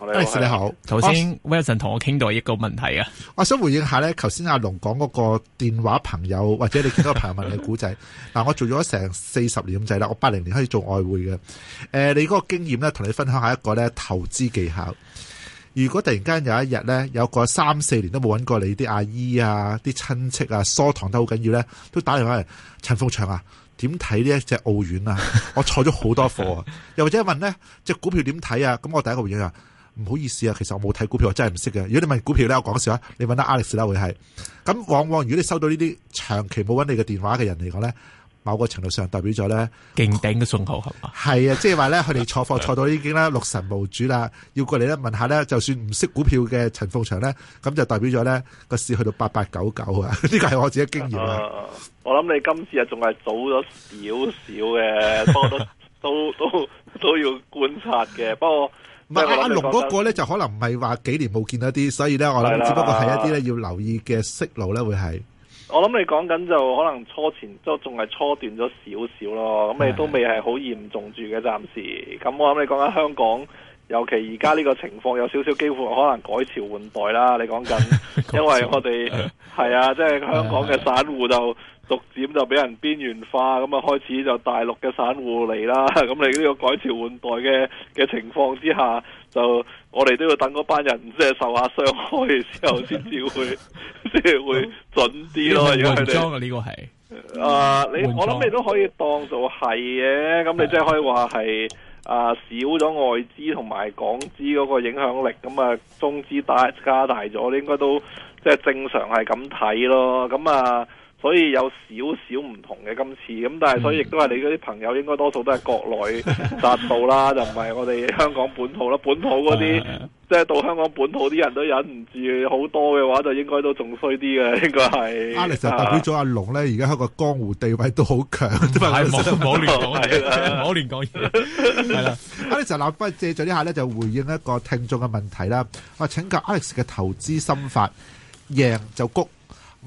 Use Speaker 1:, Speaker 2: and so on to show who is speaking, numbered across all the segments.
Speaker 1: 你 anks 好，頭先 Wilson 同我傾到一個問題啊，
Speaker 2: 我想回應一下咧，頭先阿龍講嗰個電話朋友或者你見到個朋友問你古仔，嗱 我做咗成四十年咁滯啦，我八零年開始做外匯嘅，誒、呃，你嗰個經驗咧，同你分享下一個咧投資技巧。如果突然間有一日咧，有個三四年都冇揾過你啲阿姨啊、啲親戚啊，疏堂得好緊要咧，都打電話嚟，陳鳳祥啊，點睇呢一隻澳元啊？我坐咗好多貨，又或者問咧，隻股票點睇啊？咁我第一個回應就。唔好意思啊，其實我冇睇股票，我真係唔識嘅。如果你問股票咧，我講笑啊，你問得 Alex 啦會係。咁往往如果你收到呢啲長期冇揾你嘅電話嘅人嚟講咧，某個程度上代表咗咧勁頂嘅信號係嘛？係啊，即係話咧，佢哋錯貨錯到已經咧， 六神無主啦，要過嚟咧問下咧，就算唔識股票嘅陳鳳祥咧，咁就代表咗咧個市去到八八九九啊，呢個係我自己經驗啊。我諗你今次啊，仲係早咗
Speaker 3: 少少嘅，不過都 都都，都要觀察嘅，不過。唔阿龍嗰個咧，就
Speaker 2: 可能唔係話幾年冇見到一啲，所以咧我諗只不過係一啲咧要留意嘅息路咧會係。
Speaker 3: 會是我諗你講緊就可能初前都仲係初段咗少少咯，咁你都未係好嚴重住嘅暫時。咁我諗你講緊香港，尤其而家呢個情況有少少幾乎可能改朝換代啦。你講緊，因為我哋係啊，即係、 就是、香港嘅散戶就。逐漸就俾人邊緣化，咁啊開始就大陸嘅散戶嚟啦。咁你呢個改朝換代嘅嘅情況之下，就我哋都要等嗰班人即係、就是、受下傷害之後，先至會即 會，會準啲咯。如果佢你係呢
Speaker 1: 個係你我諗你
Speaker 3: 都可以當做係嘅。咁你即係可以話係的、啊、少咗外資同埋港資嗰個影響力，咁啊中資大加大咗，應該都即係、就是、正常係咁睇咯。咁啊。所以有少少唔同嘅今次，咁但係所以亦都係你嗰啲朋友，應該多數都係國內殺到啦， 就唔係我哋香港本土啦。本土嗰啲即係到香港本土啲人都忍唔住，好多嘅話，就應該都仲衰啲嘅，應該係。Alex 就代表咗
Speaker 2: 阿龍咧，而家喺個江湖地位都好強，唔好是 亂講嘢，唔好 亂講嘢。係啦，Alex 立借咗一下咧，就回應一個聽眾嘅問題啦。啊，請教 Alex 嘅投資心法，贏就谷。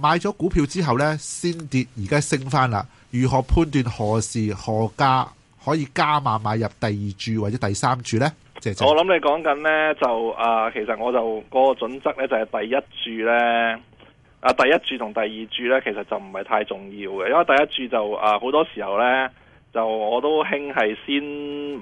Speaker 2: 買咗股票之後呢，先跌而家升翻啦。如何判斷何時何價可以加碼買入第二注或者第三注呢？謝謝。我諗
Speaker 3: 你講緊呢，就、啊、其實我就嗰、嗰個準則呢，就係第一注呢。啊，第一注同第二注呢，其實就唔係太重要嘅，因為第一注就好、啊、多時候呢。就我都興係先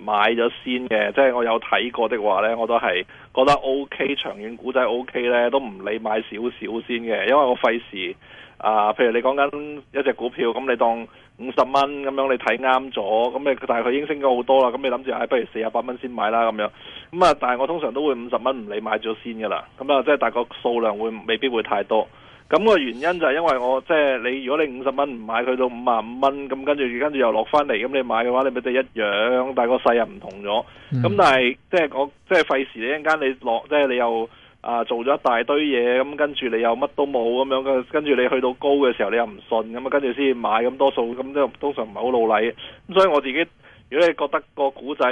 Speaker 3: 買咗先嘅，即係我有睇過的話呢，我都係覺得 OK，長遠股仔 OK 呢，都唔理買少少先嘅，因為我費事啊。譬如你講緊一隻股票，咁你當五十蚊咁樣你睇啱咗，咁你但係佢已經升咗好多啦，咁你諗住唉，不如四十八蚊先買啦咁樣。咁啊，但係我通常都會五十蚊唔理買咗先噶啦，咁啊即係大概數量會未必會太多。咁個原因就係因為我即係你，如果你五十蚊唔買佢到五萬五蚊，咁跟住跟住又落翻嚟，咁你買嘅話，你咪都一樣，但係個勢又唔同咗。咁、嗯、但係即係即係費事，一間你落即係你又啊做咗一大堆嘢，咁跟住你又乜都冇咁樣，跟住你去到高嘅時候你又唔信，咁啊跟住先買，咁多數咁都通常唔係好老禮。咁所以我自己，如果你覺得個古仔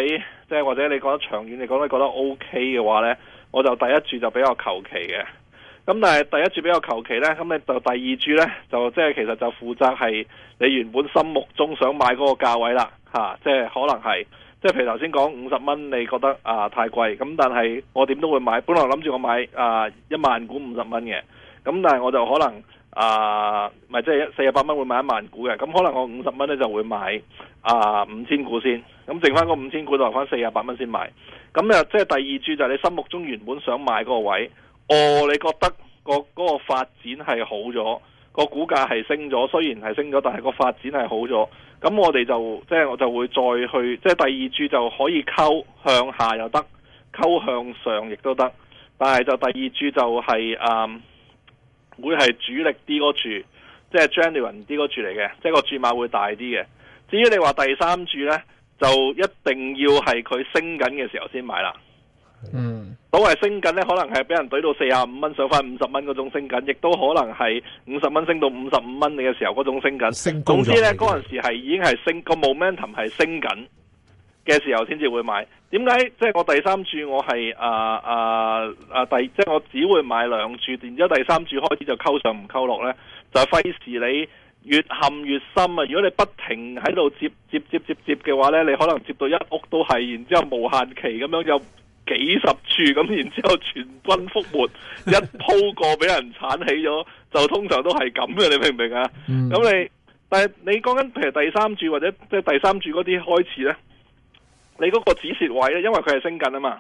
Speaker 3: 即係或者你覺得長遠，你覺得覺得 O K 嘅話呢，我就第一注就比較求其嘅。咁但係第一注比較求其呢，咁你就第二注呢，就即係、就是、其實就負責係你原本心目中想買嗰個價位啦，吓、啊，即、就、係、是、可能係即係譬如頭先講五十蚊你覺得啊太貴，咁但係我點都會買，本來諗住我買啊一萬股五十蚊嘅，咁但係我就可能啊咪即係四廿八蚊會買一萬股嘅，咁可能我五十蚊呢就會買啊五千股先，咁剩翻個五千股就留翻四廿八蚊先買，咁啊即係第二注就係你心目中原本想買嗰個位，哦你覺得？個嗰個發展係好咗，個股價係升咗，雖然係升咗，但係個發展係好咗。咁我哋就即係我就會再去，即係第二注就可以溝向下又得，溝向上亦都得。但係就第二注就係誒會係主力啲嗰注，即係 January 啲嗰注嚟嘅，即係個注碼會大啲嘅。至於你話第三注呢，就一定要係佢升緊嘅時候先買啦。嗯，都係升緊咧，可能係俾人懟到四十五蚊，上翻五十蚊嗰種升緊，亦都可能係五十蚊升到五十五蚊你嘅時候嗰種升緊。升總之咧，嗰陣時係已經係升個 momentum 係升緊嘅時候，先至會買。點解即係我第三注我係啊啊啊第，即係我只會買兩注，然之後第三注開始就溝上唔溝落咧，就費事你越陷越深啊！如果你不停喺度接接接接接嘅話咧，你可能接到一屋都係，然之後無限期咁樣就。幾十處咁，然之後全軍覆沒，一鋪過俾人鏟起咗， 就通常都係咁嘅，你明唔明啊？咁、嗯、你，但係你講緊譬如第三處或者即係第三處嗰啲開始呢，你嗰個止蝕位呢，因為佢係升緊啊嘛。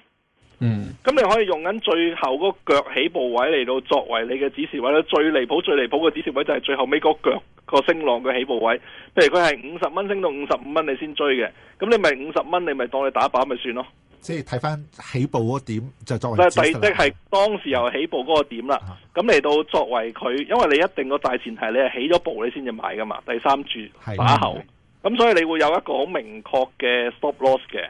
Speaker 3: 嗯。咁你可以用緊最後嗰腳起步位嚟，到作為你嘅止蝕位咧。最離譜、最離譜嘅止蝕位就係最後尾嗰腳、個升浪嘅起步位。譬如佢係五十蚊升到五十五蚊，你先追嘅，咁你咪五十蚊，你咪當你打靶咪算咯。
Speaker 2: 即係睇翻起步嗰點就作為，即係
Speaker 3: 當時又起步嗰個點啦。咁嚟、啊、到作為佢，因為你一定個大前提你係起咗步，你先至買噶嘛。第三注打後，咁所以你會有一個好明確嘅 stop loss 嘅。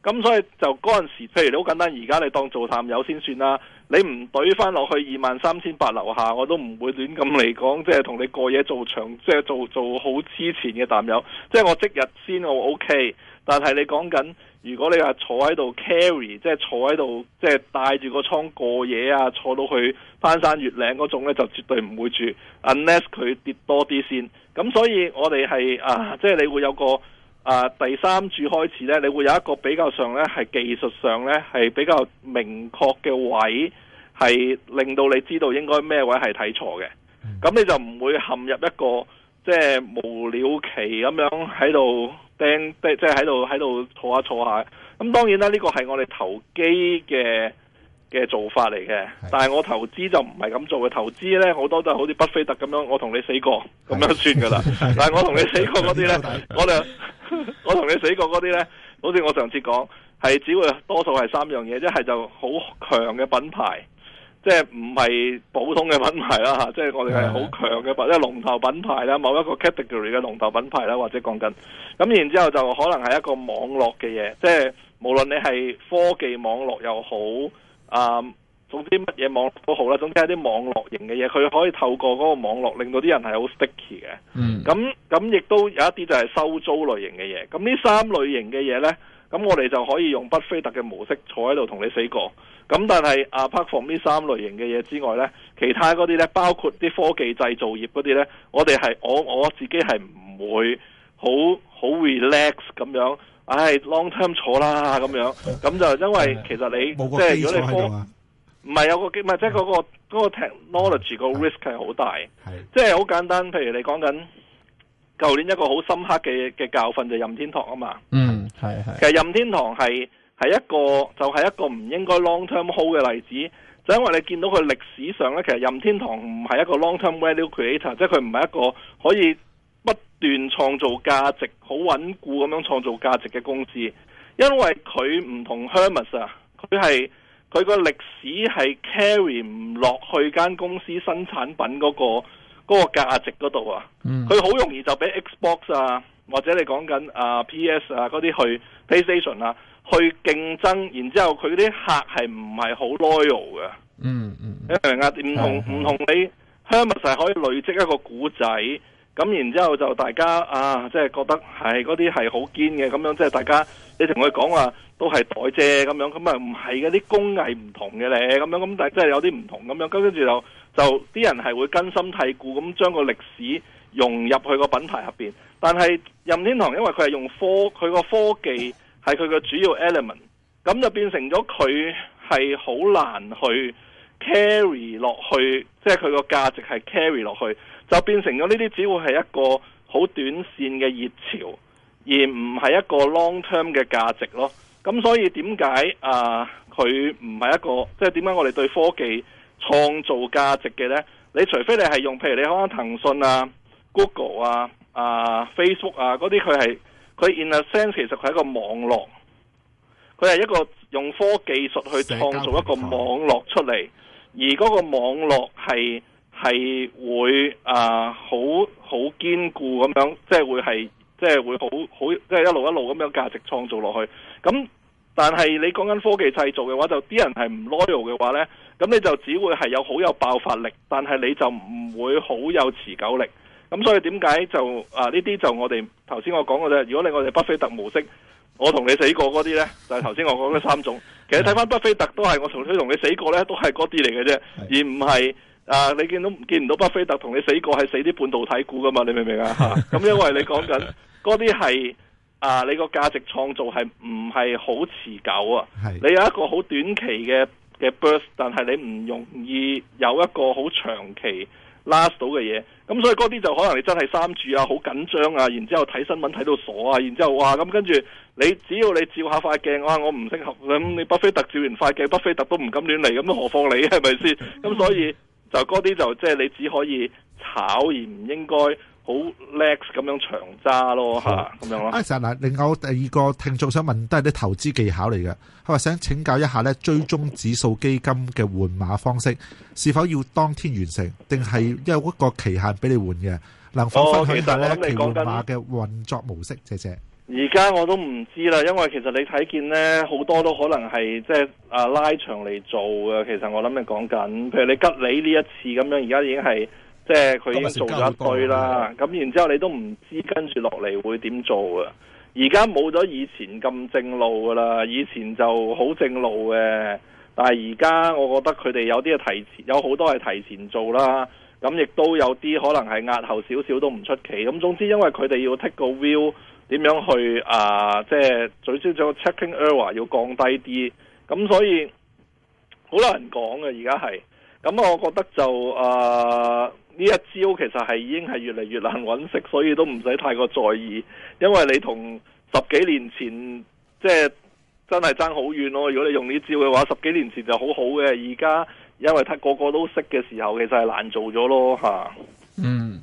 Speaker 3: 咁所以就嗰陣時，譬如你好簡單，而家你當做淡友先算啦。你唔懟翻落去二萬三千八樓下，我都唔會亂咁嚟講，即係同你過夜做長，即係做做好之前嘅淡友。即係我即日先我 OK。但係你講緊，如果你話坐喺度 carry，即係坐喺度，即係帶住個倉過夜啊，坐到去翻山越嶺嗰種呢，就絕對唔會住。unless 佢跌多啲先，咁所以我哋係啊，即係你會有個啊第三處開始呢，你會有一個比較上呢係技術上呢係比較明確嘅位，係令到你知道應該咩位係睇錯嘅。咁你就唔會陷入一個即係無了期咁樣喺度。即係喺度喺度坐下坐下，咁當然啦，呢個係我哋投機嘅嘅做法嚟嘅，的但係我投資就唔係咁做嘅。投資咧好多都係好似巴菲特咁樣，我同你死過咁樣算噶啦。的但係我同你死過嗰啲咧，的我就我同你死過嗰啲咧，好似我上次講，係只會多數係三樣嘢，一係就好強嘅品牌。即係唔係普通嘅品牌啦嚇，即係我哋係好強嘅或者係龍頭品牌啦，某一個 category 嘅龍頭品牌啦，或者講緊咁，然之後就可能係一個網絡嘅嘢，即係無論你係科技網絡又好啊、呃，總之乜嘢網絡都好啦，總之係啲網絡型嘅嘢，佢可以透過嗰個網絡令到啲人係好 sticky 嘅。嗯，咁咁亦都有一啲就係收租類型嘅嘢，咁呢三類型嘅嘢呢。咁我哋就可以用巴菲特嘅模式坐喺度同你死過。咁但係 apart from 呢三類型嘅嘢之外咧，其他嗰啲咧，包括啲科技製造業嗰啲咧，我哋係我我自己係唔會好好 relax 咁樣，唉、哎、long term 坐啦咁樣。咁就因為其實你 即係如果你科，唔係有個，唔係即係嗰個嗰個 technology、個 risk 係好大。的即係好簡單，譬如你講緊。舊年一個好深刻嘅嘅教訓就係任天堂啊嘛，嗯，係係，其實任天堂係一個就係、係、一個唔應該 long term hold 嘅例子，就因為你見到佢歷史上咧，其實任天堂唔係一個 long term value creator，即係佢唔係一個可以不斷創造價值、好穩固咁樣創造價值嘅公司，因為佢唔同 Hermes 啊，佢係佢個歷史係 carry 唔落去間公司新產品嗰、嗰個。嗰個價值嗰度啊，佢好、嗯、容易就俾 Xbox 啊，或者你講緊啊 PS 啊嗰啲去 PlayStation 啊去競爭，然之後佢啲客係唔係好 loyal 嘅？嗯嗯，跟的你明唔明啊？唔同唔同你香蜜實可以累積一個古仔。咁然之後就大家啊，即係覺得係嗰啲係好堅嘅咁樣，即係大家你同佢講話都係代謝咁樣，咁啊唔係嗰啲工藝唔同嘅咧，咁樣咁但係即係有啲唔同咁樣，咁跟住就就啲人係會根深蒂固咁將個歷史融入去個品牌入面。但係任天堂因為佢係用科佢個科技係佢個主要 element，咁就變成咗佢係好難去 carry 落去，即係佢個價值係 carry 落去。就變成咗呢啲，只會係一個好短線嘅熱潮，而唔係一個 long term 嘅價值咯。咁所以點解啊？佢唔係一個，即係點解我哋對科技創造價值嘅呢？你除非你係用，譬如你講緊騰訊啊、Google 啊、啊 Facebook 啊嗰啲，佢係佢 in a sense 其實佢係一個網絡，佢係一個用科技術去創造一個網絡出嚟，而嗰個網絡係。係會啊，好好堅固咁樣，即係會係，即係會好好，即係一路一路咁樣價值創造落去。咁但係你講緊科技製造嘅話，就啲人係唔 loyal 嘅話呢，咁你就只會係有好有爆發力，但係你就唔會好有持久力。咁所以點解就啊呢啲就我哋頭先我講嗰啫。如果你我哋巴菲特模式，我同你死過嗰啲呢，就係頭先我講嘅三種。其實睇翻巴菲特都係我同佢同你死過呢，都係嗰啲嚟嘅啫，而唔係。啊！你見到見唔到巴菲特同你死過係死啲半導體股噶嘛？你明唔明 啊？咁因為你講緊嗰啲係啊，你個價值創造係唔係好持久啊？的你有一個好短期嘅嘅 burst，但係你唔容易有一個好長期 last 到嘅嘢。咁所以嗰啲就可能你真係三注啊，好緊張啊，然之後睇新聞睇到鎖啊，然之後哇咁跟住你只要你照下塊鏡，啊我唔適合。咁你巴菲特照完塊鏡，巴菲特都唔敢亂嚟，咁何況你係咪先？咁 所以。就嗰啲就即係你只可以炒而唔應該好 relax 咁樣長揸，咯嚇咁樣咯。 好 樣 阿
Speaker 2: Sir 嗱，另外我第二個聽眾想問都係啲投資技巧嚟嘅，佢話想請教一下咧，追蹤指數基金嘅換碼方式是否要當天完成，定係有一個期限俾你換嘅？能否分享下、哦、你講期換碼嘅運作模式？謝謝。
Speaker 3: 而家我都唔知啦，因為其實你睇見呢，好多都可能係即係、啊、拉長嚟做嘅。其實我諗你講緊，譬如你吉利呢一次咁樣，而家已經係即係佢已經做咗一堆啦。咁然之後你都唔知跟住落嚟會點做啊？而家冇咗以前咁正路噶啦，以前就好正路嘅，但係而家我覺得佢哋有啲係提前，有好多係提前做啦。咁亦都有啲可能係押後少少都唔出奇。咁總之，因為佢哋要 take 個 view。點樣去啊、呃？即係取消咗 checking error 要降低啲，咁所以好難講嘅。而家係咁，我覺得就啊呢、呃、一招其實係已經係越嚟越難揾食，所以都唔使太過在意。因為你同十幾年前即係真係爭好遠咯。如果你用呢招嘅話，十幾年前就好好嘅，而家因為睇個個都識嘅時候，其實係難做咗咯嚇。嗯。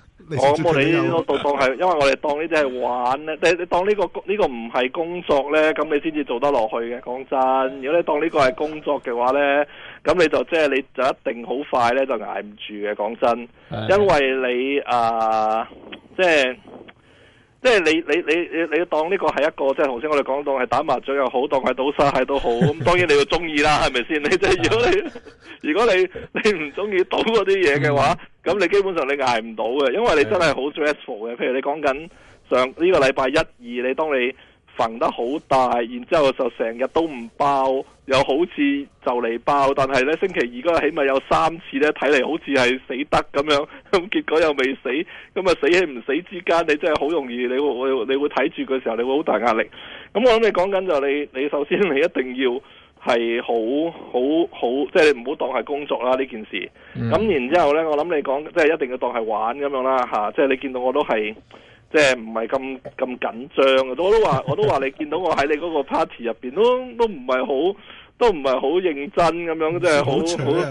Speaker 1: 你哦、我我哋度
Speaker 3: 當係，因為我哋當呢啲係玩咧，你你當呢、呢個呢、呢個唔係工作咧，咁你先至做得落去嘅。講真，如果你當呢個係工作嘅話咧，咁你就即係你就一定好快咧就挨唔住嘅。講真，因為你啊、呃，即係。即係你你你你你當呢個係一個即係頭先我哋講到，係打麻雀又好，當係賭沙蟹都好，咁當然你要中意啦，係咪先？你即係如果你如果你你唔中意賭嗰啲嘢嘅話，咁你基本上你挨唔到嘅，因為你真係好 stressful 嘅。的譬如你講緊上呢個禮拜一、二，你當你。縫得好大，然之後就成日都唔爆，又好似就嚟爆，但係咧星期二嗰日起碼有三次咧，睇嚟好似係死得咁樣，咁結果又未死，咁啊死喺唔死之間，你真係好容易，你會你會你會睇住嘅時候，你會好大壓力。咁、嗯、我諗你講緊就你，你首先你一定要係好好好，即係你唔好當係工作啦呢件事。咁、嗯、然之後咧，我諗你講即係一定要當係玩咁樣啦吓，即、啊、係、即係、你見到我都係。即係唔係咁咁緊張啊？我都話我都話你見到我喺你嗰個 party 入面都 都唔係好都唔係好認真咁樣即啫，好好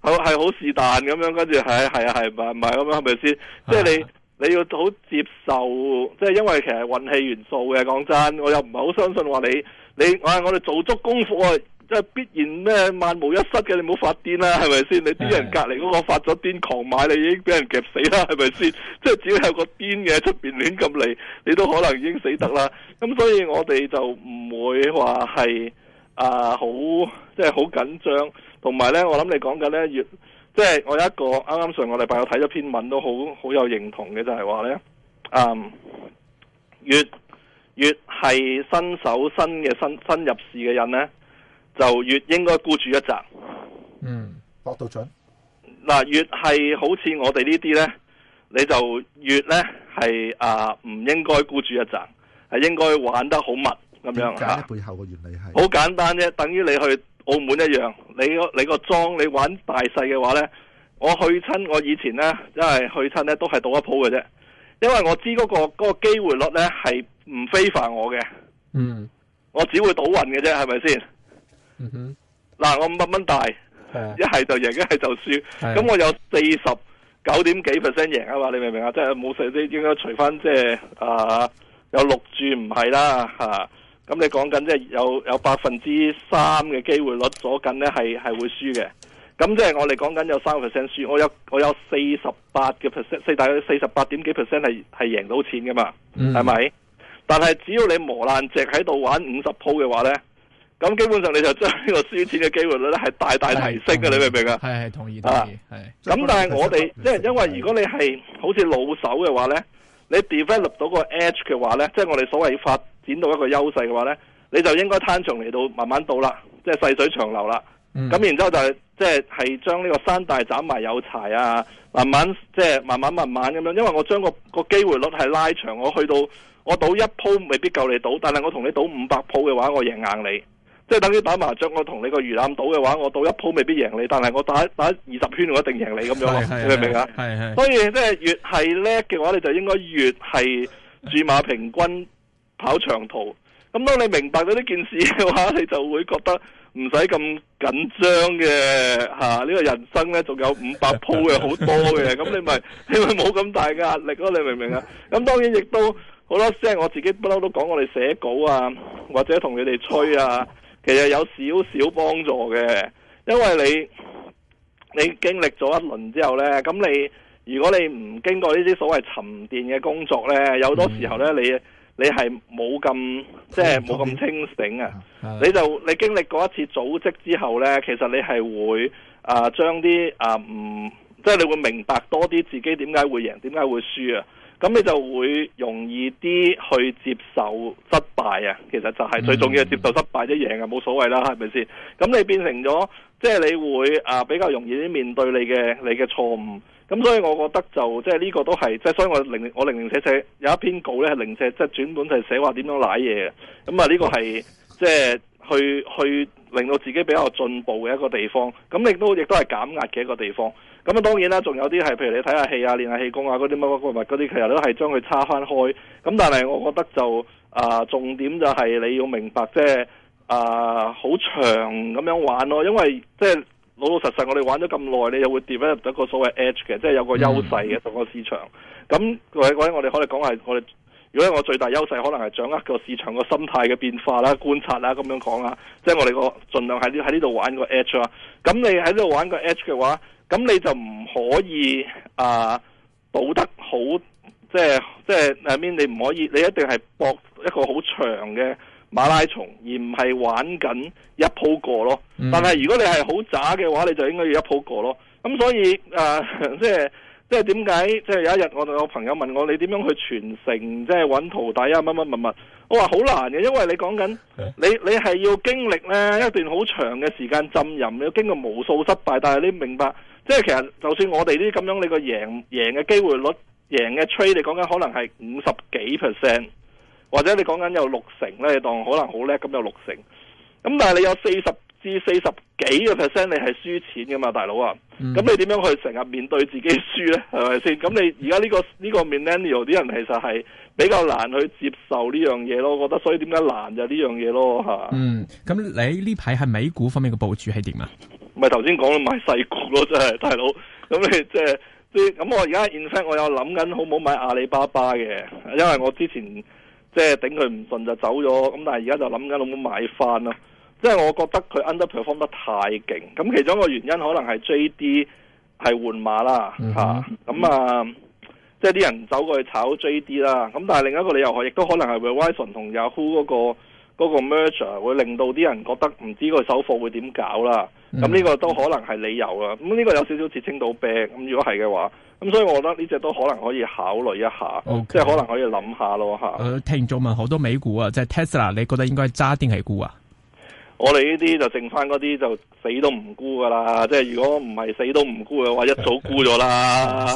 Speaker 3: 好係好是但咁樣，跟住係係係唔係咁樣係咪先？即係 你你要好接受，即、就、係、是、因為其實運氣元素嘅講真，我又唔係好相信話你你、啊、我我哋做足功夫。即係必然咩，萬無一失嘅，你唔好發癲啦，係咪先？你啲人隔籬嗰個發咗癲，狂買，你已經俾人夾死啦，係咪先？即係 只要有個癲嘅出邊亂咁嚟，你都可能已經死得啦。咁所以我哋就唔會話係啊好，即係好緊張。同埋呢，我諗你講嘅呢，越即係、就是，我有一個啱啱上個禮拜我睇咗篇文都好好有認同嘅，就係、是、話呢，嗯，越越係新手新嘅新新入市嘅人呢，就越應該孤注一擲。嗯，
Speaker 2: 博到准
Speaker 3: 嗱，越係好似我哋呢啲呢，你就越呢係啊，唔應該孤注一擲，係應該玩得好密咁樣吓。
Speaker 2: 背後嘅原理
Speaker 3: 係好簡單啫，等於你去澳門一樣，你個你個莊，你玩大細嘅話呢，我去親我以前呢，因為去親呢都係賭一鋪嘅啫，因為我知嗰個個機會率呢係唔 favour 我嘅。嗯，我只會賭運嘅啫，係咪先？嗯哼，嗱我五百蚊大，一係、啊、就贏一係就輸，咁、啊、我有四十九點幾 percent 贏啊嘛，你明唔明、呃、啊？即係冇除即係應該除翻即係啊有六注唔係啦吓，咁你講緊即係有有百分之三嘅機會率左近咧係係會輸嘅，咁即係我哋講緊有三個 percent 輸，我有我有四十八嘅 percent，四大四十八點幾 percent 係係贏到錢噶嘛，係咪、嗯？但係只要你磨爛席喺度玩五十鋪嘅話咧。咁基本上你就將呢個輸錢嘅機會率咧係大大提升嘅，係係你明唔明
Speaker 1: 啊？係同意同意係。咁但係我
Speaker 3: 哋即係因為如果你係好似老手嘅話咧，你 develop 到 ed 個 edge 嘅話咧，即係我哋所謂發展到一個優勢嘅話咧，你就應該攤長嚟到慢慢倒啦，即係細水長流啦。咁、嗯、然之後就即係係將呢個山大斬埋有柴啊，慢慢即係慢慢慢慢咁樣。因為我將個個機會率係拉長，我去到我賭一鋪未必夠你賭，但係我同你賭五百鋪嘅話，我贏硬你。即係等於打麻雀，我同你個魚腩賭嘅話，我賭一鋪未必贏你，但係我打打二十圈我一定贏你咁樣你明唔明啊？係係。所以即係越係叻嘅話，你就應該越係注碼平均跑長途。咁當你明白咗呢件事嘅話，你就會覺得唔使咁緊張嘅吓。呢、啊這個人生咧，仲有五百鋪嘅好多嘅，咁你咪你咪冇咁大嘅壓力咯、啊。你明唔明啊？咁當然亦都好啦。即係我自己不嬲都講我哋寫稿啊，或者同你哋吹啊。其實有少少幫助嘅，因為你你經歷咗一輪之後呢，咁你如果你唔經過呢啲所謂沉澱嘅工作呢，有好多時候呢，你你係冇咁即係冇咁清醒啊、嗯！你就你經歷過一次組織之後呢，其實你係會啊將啲啊唔即係你會明白多啲自己點解會贏，點解會輸啊！咁你就會容易啲去接受失敗啊！其實就係最重要接受失敗一樣啊，冇所謂啦，係咪先？咁你變成咗，即係你會啊、呃、比較容易啲面對你嘅你嘅錯誤。咁所以我覺得就即係呢個都係，即係所以我零我零零舍有一篇稿咧係零舍即係轉本就係寫話點樣賴嘢咁啊呢個係、哦、即係去去。去令到自己比較進步嘅一個地方，咁亦都亦都係減壓嘅一個地方。咁啊當然啦，仲有啲係譬如你睇下戲啊、練下氣功啊嗰啲乜乜乜物嗰啲，其實都係將佢叉翻開。咁但係我覺得就啊、呃、重點就係你要明白即係啊好長咁樣玩咯，因為即係老老實實我哋玩咗咁耐你又會跌入到個所謂的 edge 嘅，即係有個優勢嘅同個市場。咁各位各位，我哋可以講係我哋。如果我最大優勢可能係掌握個市場個心態嘅變化啦，觀察啦，咁樣講啦，即係我哋個盡量喺呢喺呢度玩個 Edge 啊。咁你喺呢度玩個 Edge 嘅話，咁你就唔可以啊，賭、呃、得好，即係即係下面你唔可以，你一定係搏一個好長嘅馬拉松，而唔係玩緊一鋪過咯。嗯、但係如果你係好渣嘅話，你就應該要一鋪過咯。咁所以啊、呃，即係。即係點解？即係有一日我我朋友問我你點樣去傳承？即係搵徒弟啊，乜乜乜乜，我話好難嘅，因為你講緊你你係要經歷呢一段好長嘅時間浸淫，你要經過無數失敗。但係你明白，即係其實就算我哋呢啲咁樣，你個贏贏嘅機會率、贏嘅 trade，你講緊可能係五十幾 percent，或者你講緊有六成呢，你當可能好叻咁有六成。咁但係你有四十至四十幾個 percent，你係輸錢嘅嘛，大佬啊！咁、嗯、你點樣去成日面對自己輸咧？係咪先？咁你而家呢個呢、呢個 Millennials 啲人其實係比較難去接受呢樣嘢咯。我覺得所以點解難就呢樣嘢咯吓？嗯，
Speaker 1: 咁你呢排係美股方面嘅部署係點啊？
Speaker 3: 唔係頭先講買細股咯，真係大佬。咁你即係啲咁我而家 in fact 我有諗緊好唔好買阿里巴巴嘅，因為我之前即係、就是、頂佢唔順就走咗，咁但係而家就諗緊好唔好買翻啊。即係我覺得佢 underperform 得太勁，咁其中一個原因可能係 JD 係換馬啦吓，咁、嗯、哼啊，嗯、即係啲人走過去炒 JD 啦，咁但係另一個理由，佢亦都可能係 Verizon 同 Yahoo 嗰個、那個 merger 會令到啲人覺得唔知佢個首貨會點搞啦，咁呢個都可能係理由啦。咁呢個有少少似清到病，咁如果係嘅話，咁所以我覺得呢隻都可能可以考慮一下，okay, 即係可能可以諗下咯吓。
Speaker 1: 誒、嗯，聽眾問好多美股啊，即、就、係、是、Tesla，你覺得應該揸渣定係沽啊？
Speaker 3: 我哋呢啲就剩翻嗰啲就死都唔沽噶啦，即係如果唔係死都唔沽嘅話，一早沽咗啦。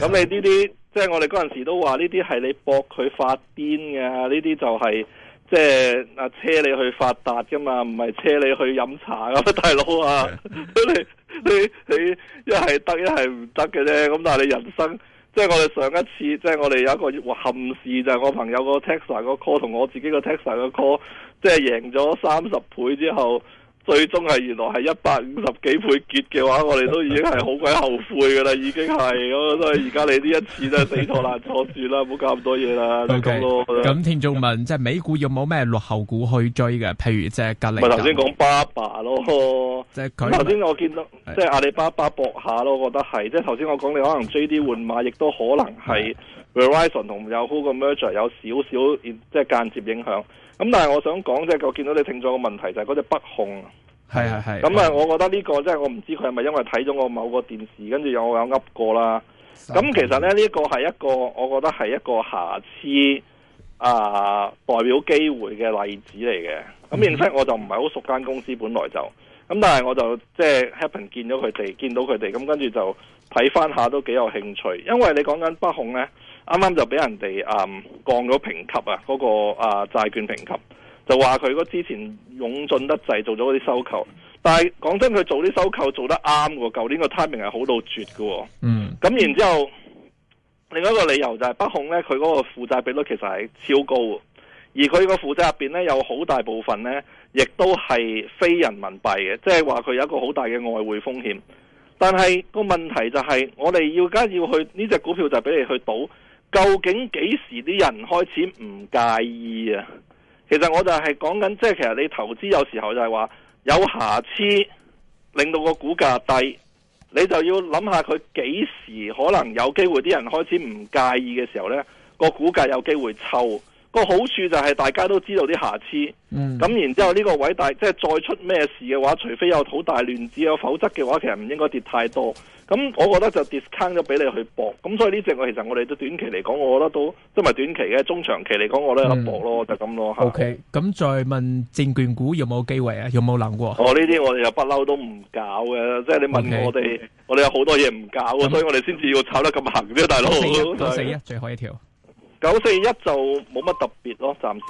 Speaker 3: 咁你呢啲、就是，即係我哋嗰陣時都話呢啲係你博佢發癲嘅，呢啲就係即係啊車你去發達噶嘛，唔係車你去飲茶咁啊大佬是 啊，你你你一係得一係唔得嘅啫。咁但係你人生，即係我哋上一次，即係我哋有一個話憾事就係我朋友個 Tesla 個 call 同我自己個 Tesla 個 call。即係贏咗三十倍之後，最終係原來係一百五十幾倍結嘅話， 我哋都已經係好鬼後悔噶啦，已經係咁。所以而家你呢一次真係死錯難坐住啦，唔好 搞咁多嘢啦。咁
Speaker 1: 聽眾問，即係美股有冇咩落後股去追嘅？譬如即係隔鄰咪頭先講
Speaker 3: 巴巴咯，即係佢頭先我見到即係阿里巴巴博下咯，我覺得係即係頭先我講你可能 JD 換馬，亦都可能係 Verizon 同 Yahoo 嘅 merger 有少少即係間接影響。咁但係我想講即係我見到你聽咗個問題就係嗰隻北控啊，係係咁啊，我覺得呢個即係我唔知佢係咪因為睇咗我某個電視跟住有有噏過啦。咁其實咧呢個係一個我覺得係一個瑕疵啊、呃、代表機會嘅例子嚟嘅。咁其實我就唔係好熟間公司，本來就。咁、嗯、但係我就即係 happen 見咗佢哋，見到佢哋咁跟住就睇翻下都幾有興趣，因為你講緊北控呢，啱啱就俾人哋誒降咗評級啊，嗰個啊債券評級就話佢嗰之前勇進得滯做咗啲收購，但係講真佢做啲收購做得啱嘅，舊年個 timing 係好到絕嘅，嗯，咁、那個呃哦嗯、然之後另外一個理由就係北控呢，佢嗰個負債比率其實係超高，而佢個負債入邊呢，有好大部分呢。亦都係非人民幣嘅，即係話佢有一個好大嘅外匯風險。但係個問題就係、是，我哋要而家要去呢隻股票就俾你去賭，究竟幾時啲人開始唔介意啊？其實我就係講緊，即係其實你投資有時候就係話有瑕疵，令到個股價低，你就要諗下佢幾時可能有機會啲人開始唔介意嘅時候呢、那個股價有機會抽。個好處就係大家都知道啲瑕疵，咁、嗯、然之後呢個位大，即、就、係、是、再出咩事嘅話，除非有好大亂子，有否則嘅話其實唔應該跌太多。咁我覺得就 discount 咗俾你去搏，咁所以呢隻我其實我哋都短期嚟講，我覺得都都唔係短期嘅，中長期嚟講我咧搏咯，嗯、就咁咯。OK，
Speaker 1: 咁再問證券股有冇機會啊？有冇諗過、哦、我
Speaker 3: 呢啲我哋又不嬲都唔搞嘅，即係 okay, 你問我哋，okay, 我哋有好多嘢唔搞，嗯、所以我哋先至要炒得咁行啫，大佬。
Speaker 1: 四一對
Speaker 3: 九四一就冇乜特別咯，暫時。